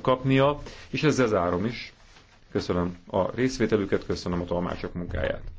kapnia, és ezzel zárom is. Köszönöm a részvételüket, köszönöm a tolmácsok munkáját.